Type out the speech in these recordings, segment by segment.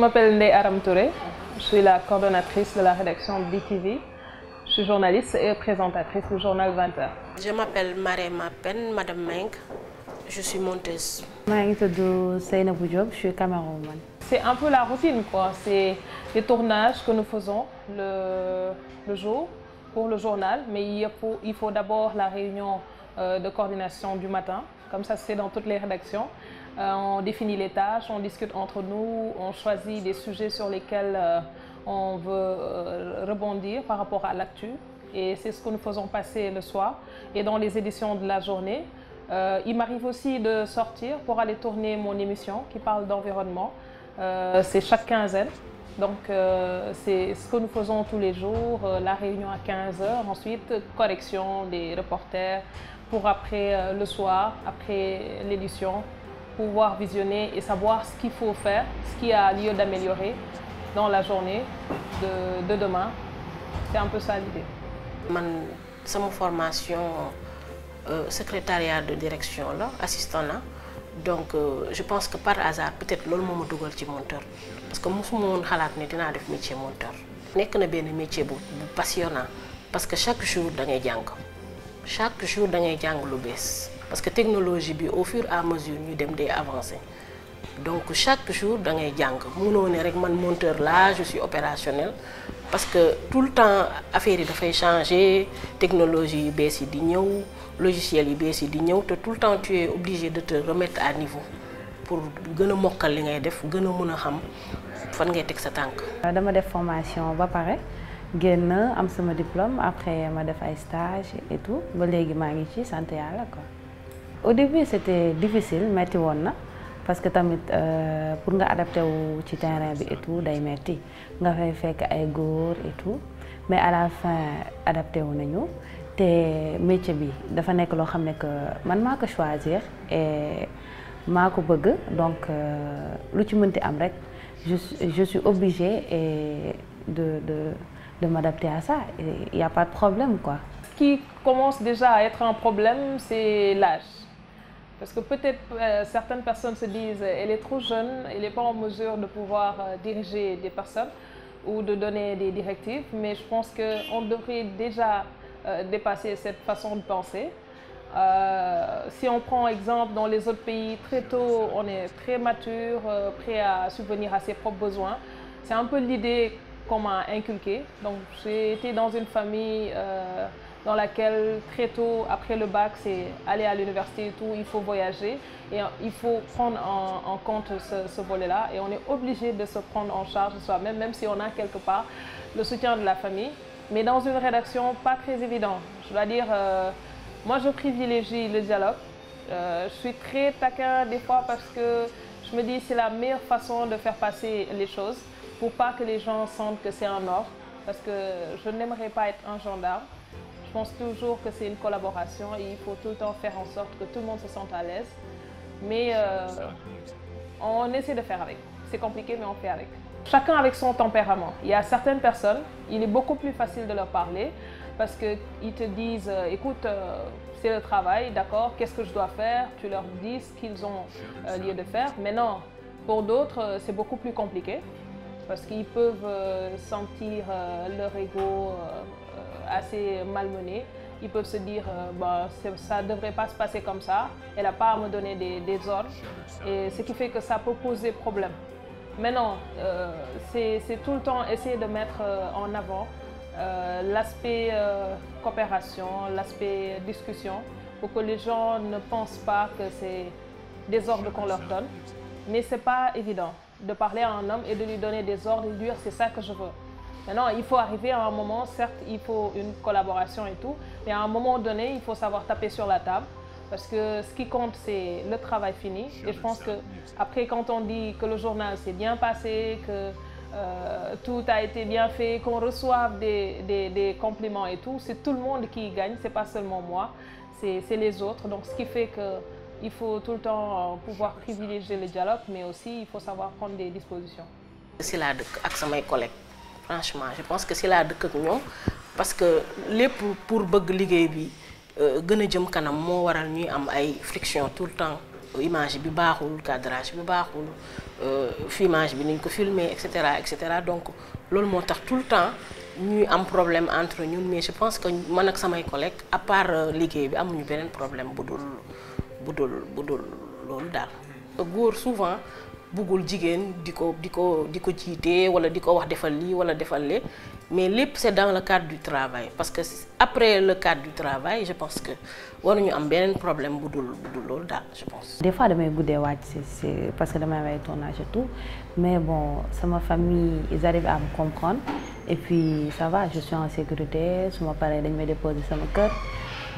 m'appelle Ney Aram Touré. Je suis la coordonnatrice de la rédaction BTV. Je suis journaliste et présentatrice du journal 20h. Je m'appelle Marie Pen, Madame Meng. Je suis monteuse. Je suis caméraman. C'est un peu la routine, quoi. C'est les tournages que nous faisons le, jour pour le journal, mais il il faut d'abord la réunion euh, de coordination du matin. Comme ça, c'est dans toutes les rédactions. Euh, on définit les tâches, on discute entre nous, on choisit des sujets sur lesquels euh, on veut euh, rebondir par rapport à l'actu. Et c'est ce que nous faisons passer le soir et dans les éditions de la journée. il m'arrive aussi de sortir pour aller tourner mon émission qui parle d'environnement. c'est chaque quinzaine. Donc, c'est ce que nous faisons tous les jours, la réunion à 15h, ensuite correction des reporters pour après le soir, après l'édition, pouvoir visionner et savoir ce qu'il faut faire, ce qui a lieu d'améliorer dans la journée de, demain. C'est un peu ça l'idée. C'est mon formation euh, secrétariat de direction, là, assistant là. donc euh, je pense que par hasard peut-être le moment où je suis monteur parce que mosuma woon xalaat ne faire def métier monteur. C'est na métier bu passionnant parce que chaque jour da ngay jàng chaque jour da ngay jàng lu parce que technologie bi au fur et à mesure nous dem avancé. avancer donc chaque jour da ngay jàng Nous ne rek man monteur là, je suis opérationnel parce que tout le temps affaire yi dafay changer technologie yu le di logiciel yu bees tout le temps tu es obligé de te remettre à niveau pour gën a mokkal li ngay def gën a mën tu xam fan ngay sa euh, dama def formation ba suis génn am mon diplôme après ma def ay stage et tout je suis maa ngi ci santé au début c'était difficile mais woon parce que tamit euh, pour nga au wu ci terrain bi et tout day metti nga fay et tout mais à la fin adapté wu nañu te métier bi dafa nek lo xamné que man mako choisir et mako bëgg donc euh, lu ci mënti am rek je suis obligée et de de de m'adapter à ça il y a pas de problème quoi. Ce qui commence déjà à être un problème c'est l'âge. Parce que peut-être euh, certaines personnes se disent euh, elle est trop jeune, elle n'est pas en mesure de pouvoir euh, diriger des personnes ou de donner des directives, mais je pense qu'on devrait déjà dépasser cette façon de penser. si on prend exemple dans les autres pays, très tôt, on est très mature, prêt à subvenir à ses propres besoins. C'est un peu l'idée qu'on m'a inculquée. Donc j'ai été dans une famille dans laquelle très tôt après le bac, c'est aller à l'université et tout, il faut voyager et euh, il faut prendre en, compte ce, volet-là et on est obligé de se prendre en charge soi-même, même si on a quelque part le soutien de la famille, mais dans une rédaction pas très évidente. Je dois dire, euh, moi je privilégie le dialogue. Euh, je suis très taquin des fois parce que je me dis c'est la meilleure façon de faire passer les choses pour pas que les gens sentent que c'est un or, parce que je n'aimerais pas être un gendarme. Je pense toujours que c'est une collaboration et il faut tout le temps faire en sorte que tout le monde se sente à l'aise. Mais euh, on essaie de faire avec. C'est compliqué, mais on fait avec. Chacun avec son tempérament. Il y a certaines personnes, il est beaucoup plus facile de leur parler parce qu'ils te disent, euh, écoute, euh, c'est le travail, d'accord, qu'est-ce que je dois faire Tu leur dis ce qu'ils ont lieu de faire. Mais non, pour d'autres, c'est beaucoup plus compliqué parce qu'ils peuvent sentir leur ego assez malmenés, ils peuvent se dire que euh, bah, ça ne devrait pas se passer comme ça, elle n'a pas à me donner des, ordres, et ce qui fait que ça peut poser problème. Maintenant, euh, c'est tout le temps essayer de mettre euh, en avant l'aspect coopération, l'aspect discussion, pour que les gens ne pensent pas que c'est des ordres qu'on leur donne. Mais ce n'est pas évident de parler à un homme et de lui donner des ordres et lui dire c'est ça que je veux. Maintenant, il faut arriver à un moment, certes, il faut une collaboration et tout, mais à un moment donné, il faut savoir taper sur la table. Parce que ce qui compte, c'est le travail fini. Et je pense que après, quand on dit que le journal s'est bien passé, que euh, tout a été bien fait, qu'on reçoive des, compliments et tout, c'est tout le monde qui gagne, c'est pas seulement moi, c'est les autres. Donc ce qui fait que il faut tout le temps euh, pouvoir privilégier le dialogue, mais aussi il faut savoir prendre des dispositions. C'est là avec mes collègues franchement je pense que c'est la de ak parce que les pour bëgg liggéey bi euh, gën a jëm kanam mo waral ñuy am ay friction tout le temps image bi baaxul cadrage bi baaxul euh, filmage bi nañ ko filmer et cetera et cetera donc loolu motax tout le temps ñuy am problème entre ñun mais je pense que man ak samay collègue, à part euh, liggéey bi amuñu benen problème budul budul budul dul dal goor souvent buggul jigen diko diko diko ko wala diko wax defal lii wala defal lé mais lépp c'est dans le cadre du travail parce que après le cadre du travail je pense que waruñu am un problème budul budul bu da je pense. des fois damay guddee wacc c'est parce que damay way tournage et tout mais bon sama famille ils arrivent à me comprendre et puis ça va je suis en sécurité su ma dañ may déposer sama cœur,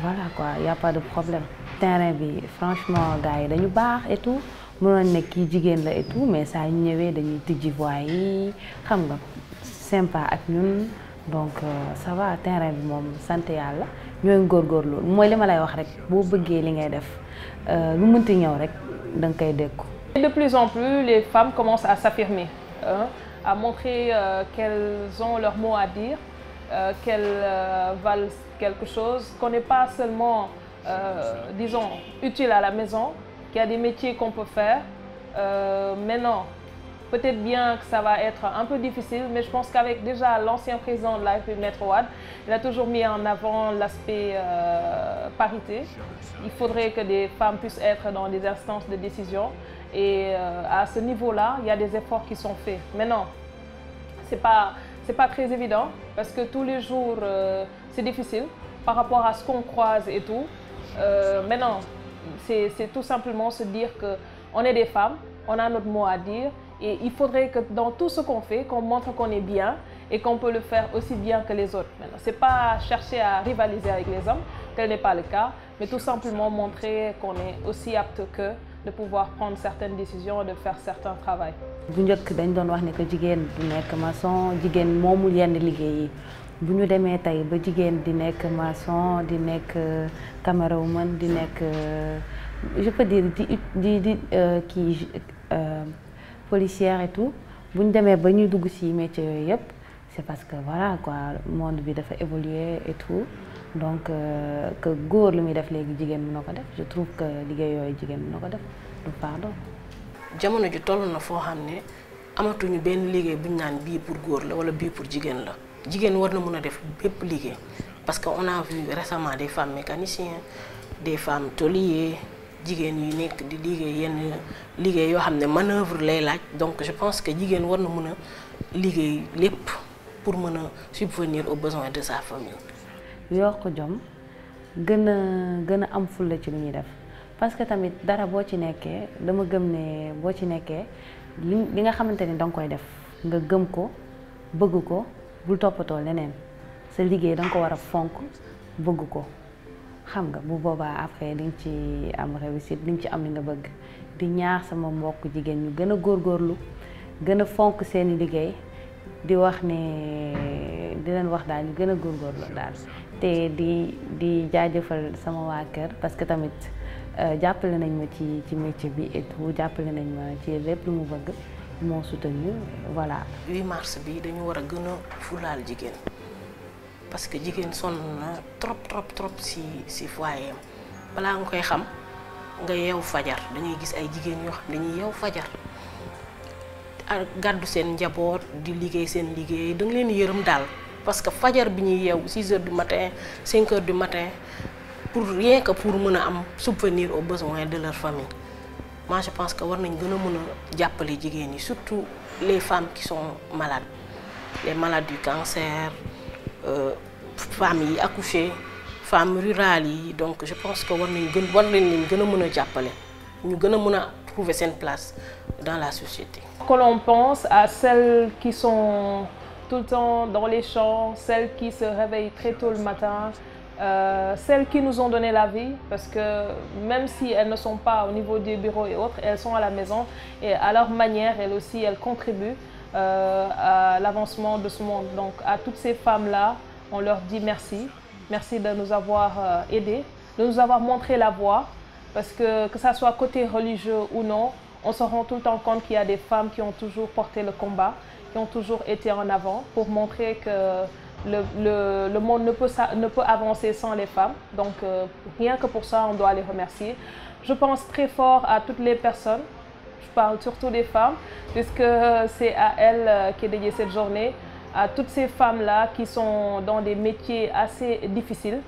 voilà quoi il y a pas de problème terrain bi franchement gars yi dañu bax et tout mënoon nekk kii la et tout mais ça ñëwé dañuy tijji voix yi xam nga sympa ak ñun donc euh, ça va terrain bi rêve santé yalla ñoy góorgóor gor mooy moy lima lay wax rek bo bëggé li ngay def euh, lu mënti ñëw rek dang kay dékku. de plus en plus les femmes commencent à s'affirmer hein, à montrer euh, qu'elles ont leur mot à dire euh, qu'elles euh, valent quelque chose qu'on n'est pas seulement euh, disons utile à la maison qu'il y a des métiers qu'on peut faire. Euh, maintenant, peut-être bien que ça va être un peu difficile, mais je pense qu'avec déjà l'ancien président de la République Ouad, il a toujours mis en avant l'aspect euh, parité. Il faudrait que des femmes puissent être dans des instances de décision. Et euh, à ce niveau-là, il y a des efforts qui sont faits. Maintenant, ce n'est pas, pas très évident parce que tous les jours, c'est difficile par rapport à ce qu'on croise et tout. maintenant, c'est tout simplement se dire qu'on est des femmes, on a notre mot à dire. Et il faudrait que dans tout ce qu'on fait, qu'on montre qu'on est bien et qu'on peut le faire aussi bien que les autres. Ce n'est pas chercher à rivaliser avec les hommes, tel n'est pas le cas, mais tout simplement montrer qu'on est aussi apte que de pouvoir prendre certaines décisions et de faire certains travaux bu ñu demee tey ba jigéen di nek maçon di nek euh, caméraman di nek euh, je peux dire di di qui euh, euh policière et tout bu ñu demee ba ñu dugg ci métier yooyu c'est parce que voilà quoi monde bi dafa évoluer et tout donc que goor lu muy def légui jigéen mën ko def je trouve que ligue yooyu jigéen mën ko def du pardon jamono ju tollu na fo xamné amatuñu ben ligue buñ nane bi pour goor la wala bi pour jigéen la jigen war na mun def bépp liggéey parce que on a vu récemment des femmes mécaniciens des femmes tôliers jigen yu nekk di liggéey yenn liggéey yo xamné manœuvre lay laaj donc je pense que jigen war na ligue a lépp pour mën subvenir aux besoins de sa famille. yokk jom gëna gëna am fulla ci ñi def parce que tamit dara bo ci nekké dama gëm né bo ci nekké li nga xamante ni koy def nga gëm ko bëgg ko. bul toppatoo leneen sa liggéey da nga ko war a fonk bëgg ko xam nga bu boobaa après di nga ci am réussite di nga ci am li nga bëgg di ñaax sama mbokk jigéen ñu gën a góorlu gën a fonk seeni liggéey di wax ne di leen wax daal ñu gën a góorgóorlu daal te di di jaajëfal sama waa kër parce que tamit euh, jàppale nañ ma ci ci métier bi et tout jàppale nañ ma ci lépp lu mu bëgg moo soutenu, voilà. 8 mars bi dañu fait a gën a parce que les gens sont trop trop trop si si foyer am balaa nga koy xam nga yeew fajar dañuy gis ay jigéen yoo xam dañuy yeew fajar gàddu sen njaboot di liggéey sen liggéey da nga leen dal. parce que fajar bi ñuy 6 h du matin 5 h du matin pour rien que pour mën am subvenir aux besoins de leur famille moi je pense que surtout les femmes qui sont malades les malades du cancer euh, femmes accouchées, accouchées femmes rurales donc je pense que nous devons trouver place dans la société. Quand on pense à celles qui sont tout le temps dans les champs, celles qui se réveillent très tôt le matin, euh, celles qui nous ont donné la vie, parce que même si elles ne sont pas au niveau des bureaux et autres, elles sont à la maison et à leur manière, elles aussi, elles contribuent euh, à l'avancement de ce monde. Donc à toutes ces femmes-là, on leur dit merci. Merci de nous avoir euh, aidé de nous avoir montré la voie, parce que que ça soit côté religieux ou non, on se rend tout le temps compte qu'il y a des femmes qui ont toujours porté le combat, qui ont toujours été en avant pour montrer que le, le, le, monde ne peut, ne peut avancer sans les femmes. Donc, euh, rien que pour ça, on doit les remercier. Je pense très fort à toutes les personnes, je parle surtout des femmes, puisque c'est à elles euh, est dédiée cette journée, à toutes ces femmes-là qui sont dans des métiers assez difficiles,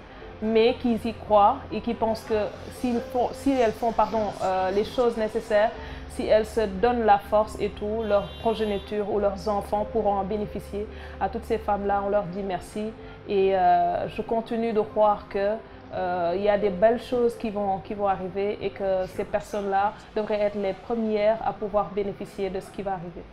mais qui y croient et qui pensent que si elles font, si elles font pardon, euh, les choses nécessaires, si elles se donnent la force et tout, leur progéniture ou leurs enfants pourront en bénéficier. À toutes ces femmes-là, on leur dit merci. Et euh, je continue de croire qu'il euh, y a des belles choses qui vont arriver et que ces personnes-là devraient être les premières à pouvoir bénéficier de ce qui va arriver.